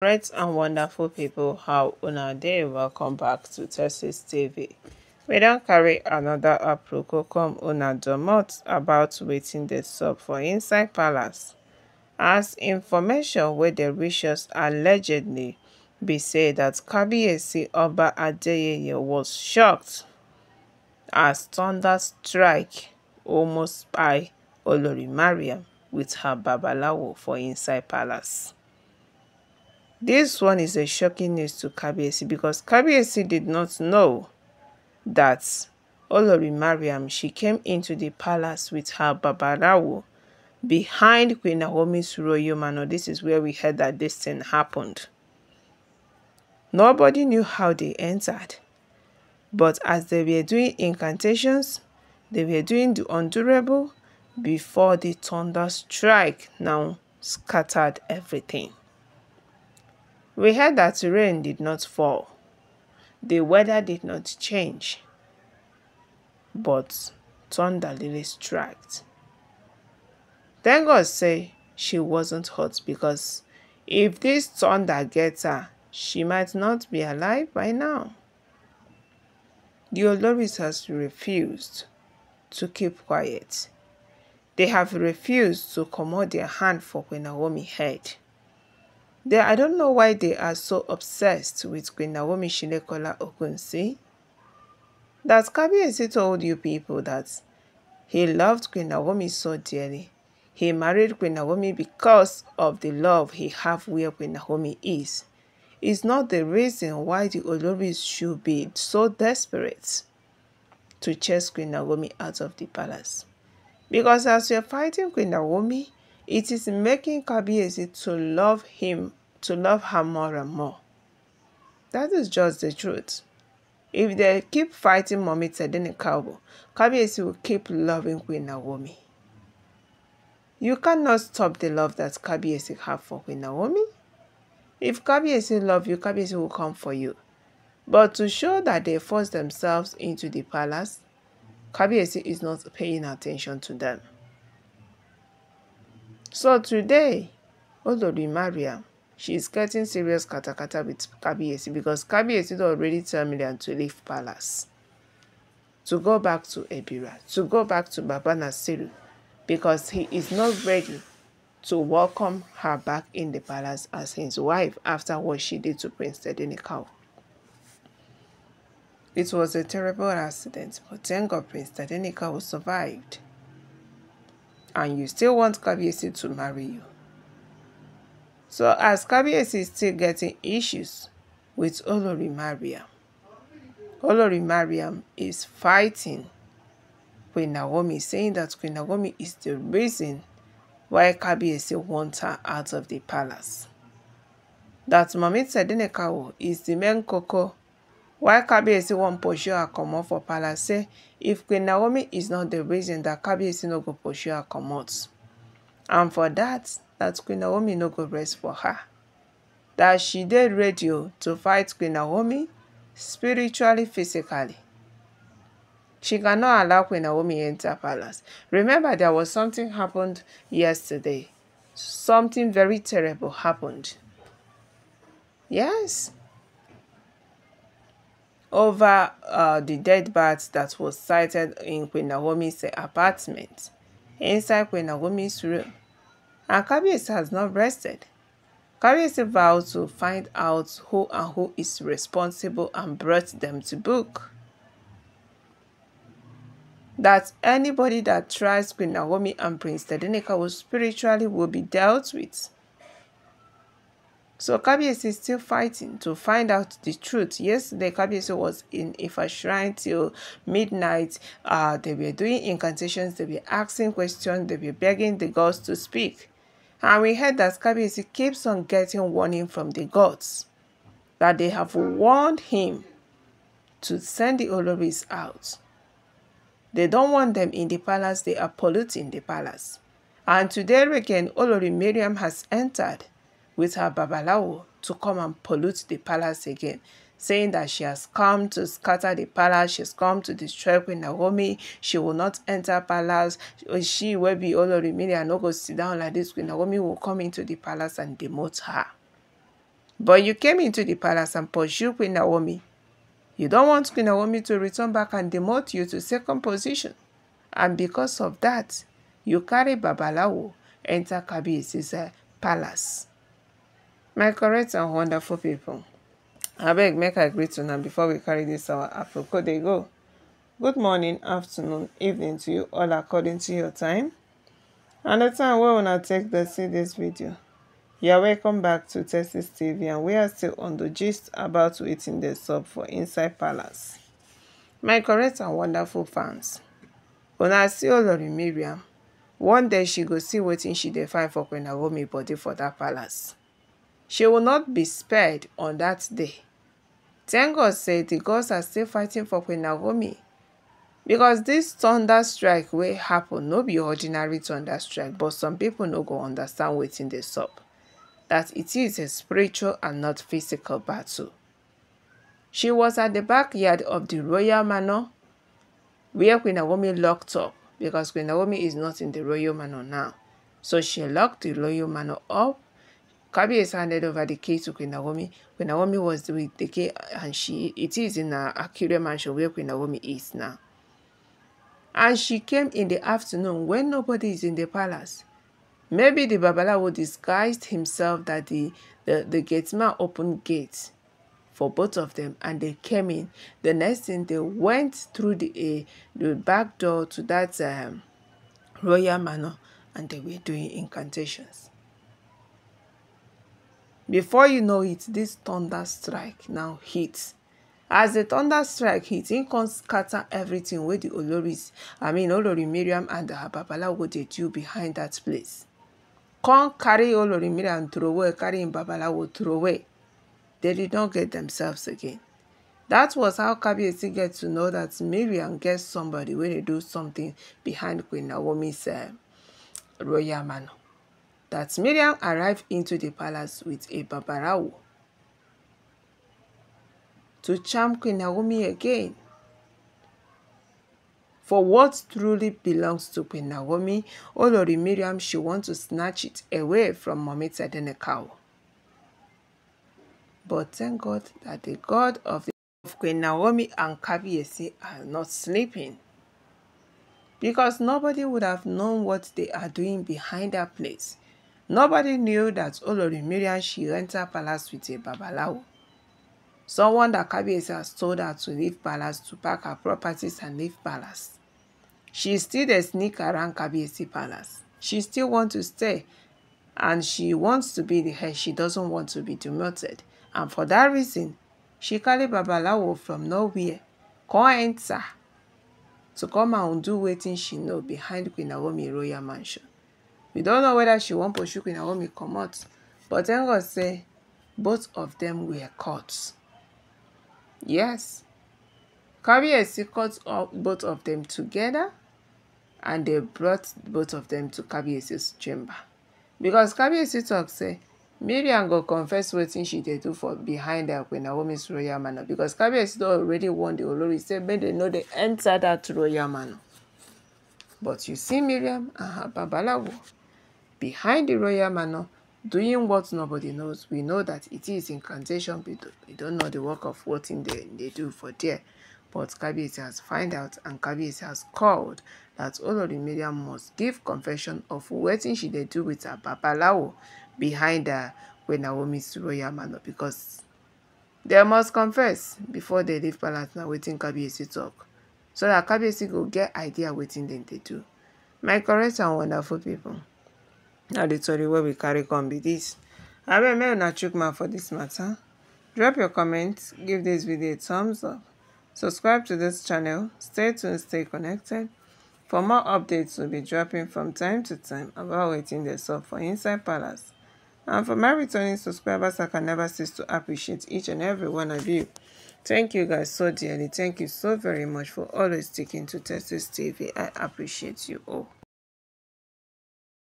Great and wonderful people, how una Welcome back to Texas TV. We don't carry another aproko come una domot about waiting the sub for inside palace. As information where the wishes allegedly be said that Kabiyesi Oba Adeyeye was shocked as thunder strike almost by Olori Mariam with her babalawo for inside palace. This one is a shocking news to Kabiesi because Kabiesi did not know that Olori Mariam, she came into the palace with her Babarawo behind Queen Naomi's royal manor. This is where we heard that this thing happened. Nobody knew how they entered. But as they were doing incantations, they were doing the undurable before the thunder strike now scattered everything. We heard that rain did not fall. The weather did not change. But thunder really struck. Then God said she wasn't hurt because if this thunder gets her, she might not be alive by now. The Oloris has refused to keep quiet. They have refused to commode their hand for Queen Naomi's head. There, I don't know why they are so obsessed with Queen Naomi Shilekola Okunsi. That Kabiesi told you people that he loved Queen Naomi so dearly. He married Queen Naomi because of the love he have where Queen Naomi is. Is not the reason why the Oloris should be so desperate to chase Queen Naomi out of the palace. Because as you're fighting Queen Naomi, it is making Kabiesi to love him, to love her more and more. That is just the truth. If they keep fighting Mommy Tedeni Kabo, Kabiesi will keep loving Queen Naomi. You cannot stop the love that Kabiesi have for Queen Naomi. If Kabiesi love you, Kabiesi will come for you. But to show that they force themselves into the palace, Kabiesi is not paying attention to them. So today, oh marry her, she is getting serious katakata with Kabiyesi because Kabiyesi already tell Mariam to leave palace, to go back to Ebira, to go back to Baba Nasiru because he is not ready to welcome her back in the palace as his wife after what she did to Prince Tedinikau. It was a terrible accident, but thank God Prince Tedinikau survived and you still want Kabiesi to marry you. So as Kabiesi is still getting issues with Olori Mariam, Olori Mariam is fighting Queen Naomi, saying that Queen Naomi is the reason why Kabiesi wants her out of the palace. That Mami Tsedinekawo is the main koko Why Kabiyesi wan pursue her comot for palace say if Queen Naomi is not the reason that Kabiyesi no go pursue her comot. And for that, that Queen Naomi no go rest for her. That she did radio to fight Queen Naomi spiritually, physically. She cannot allow Queen Naomi enter palace. Remember, there was something happened yesterday. Something very terrible happened. Yes. over uh, the dead bat that was sighted in Queen Naomi's apartment inside Queen Naomi's room. And Kabiesi has not rested. Kabiesi vowed to find out who and who is responsible and brought them to book. That anybody that tries Queen Naomi and Prince Tedenika will spiritually will be dealt with. So Kabiesi is still fighting to find out the truth. Yesterday, Kabiesi was in Ifa Shrine till midnight. Uh, they were doing incantations, they were asking questions, they were begging the gods to speak. And we heard that Kabiesi keeps on getting warning from the gods that they have warned him to send the Oloris out. They don't want them in the palace, they are polluting the palace. And today again, Olori Miriam has entered with her Babalawo to come and pollute the palace again, saying that she has come to scatter the palace, she has come to destroy Queen Naomi, she will not enter palace, she will be Olorimiri and not go sit down like this, Queen Naomi will come into the palace and demote her. But you came into the palace and pursued Queen Naomi. You don't want Queen Naomi to return back and demote you to second position. And because of that, you carry Babalawo enter Kabiyesi's eh, palace. my correct and wonderful pipo abeg make i greet una before we carry this our aproko dey go good morning afternoon evening to you all according to your time and the time wey una take dey see this video you are welcome back to texas tv and we are still on the gist about wetin dey sup for inside palace my correct and wonderful fans una see olori miriam one day she go see wetin she dey find for queen naomi body for that palace She will not be spared on that day. Thank God said the gods are still fighting for Queen Naomi. Because this thunder strike will happen, no be ordinary thunder strike, but some people no go understand in this up. That it is a spiritual and not physical battle. She was at the backyard of the royal manor where Queen Naomi locked up because Queen Naomi is not in the royal manor now. So she locked the royal manor up Kabi is handed over the key to Queen Naomi. Queen Naomi was with the key and she it is in a Akure mansion where Queen Naomi is now. And she came in the afternoon when nobody is in the palace. Maybe the Babalawo disguised himself that the, the, the gateman opened gates for both of them and they came in. The next thing they went through the, uh, the back door to that um, royal manor and they were doing incantations. before you know it this thunder strike now hit as the thunder strike hit e come scatter everything wey the oloris i mean olori Miriam and her babalawo dey do behind that place come carry olori mariam throway carry im babalawo throway they did not get themselves again that was how kabiyesi get to know that Miriam get somebody wey dey do something behind queen naomi's uh, royal manor that Miriam arrived into the palace with a babarau to charm Queen Naomi again. For what truly belongs to Queen Naomi, Olori Miriam she wants to snatch it away from Mommy Tadenekau. But thank God that the God of, the, of Queen Naomi and Kabiesi are not sleeping. Because nobody would have known what they are doing behind that place Nobody knew that Olori Mariam she entered palace with a babalawo. Someone that Kabiyesi has told her to leave palace to pack her properties and leave palace. She still dey sneak around Kabiyesi palace. She still wants to stay and she wants to be the head. She doesn't want to be demoted. And for that reason, she called babalawo from nowhere, come enter to come and do wetin she know behind Queen Naomi royal mansion we don't know whether she wan pursue queen naomi out, but thank god say both of them were caught yes kabiyesi caught both of them together and they brought both of them to kabiyesi's chamber because kabiyesi talk say Miriam go confess wetin she did do for behind her Queen Naomi's royal manor because Kabiyesi don already warned the Olori say make they no dey enter that royal manor. But you see Mariam and her babalawo Behind the royal manor, doing what nobody knows, we know that it is incantation, but we don't know the work of what in the, they do for there. But Kabiyesi has find out and Kabiyesi has called that Olori Mariam must give confession of wetin she dey do with her babalawo behind her wey Naomi's royal manor because dem must confess before dem leave palace na wetin Kabiyesi talk so that Kabiyesi go get idea wetin dem dey do. My correct and wonderful people. Now the story where we carry on be this. I remember not trick my for this matter drop your comments, give this video a thumbs up subscribe to this channel stay tuned stay connected for more updates we'll be dropping from time to time about waiting the sup for inside palace and for my returning subscribers i can never cease to appreciate each and every one of you thank you guys so dearly thank you so very much for always sticking to testis tv i appreciate you all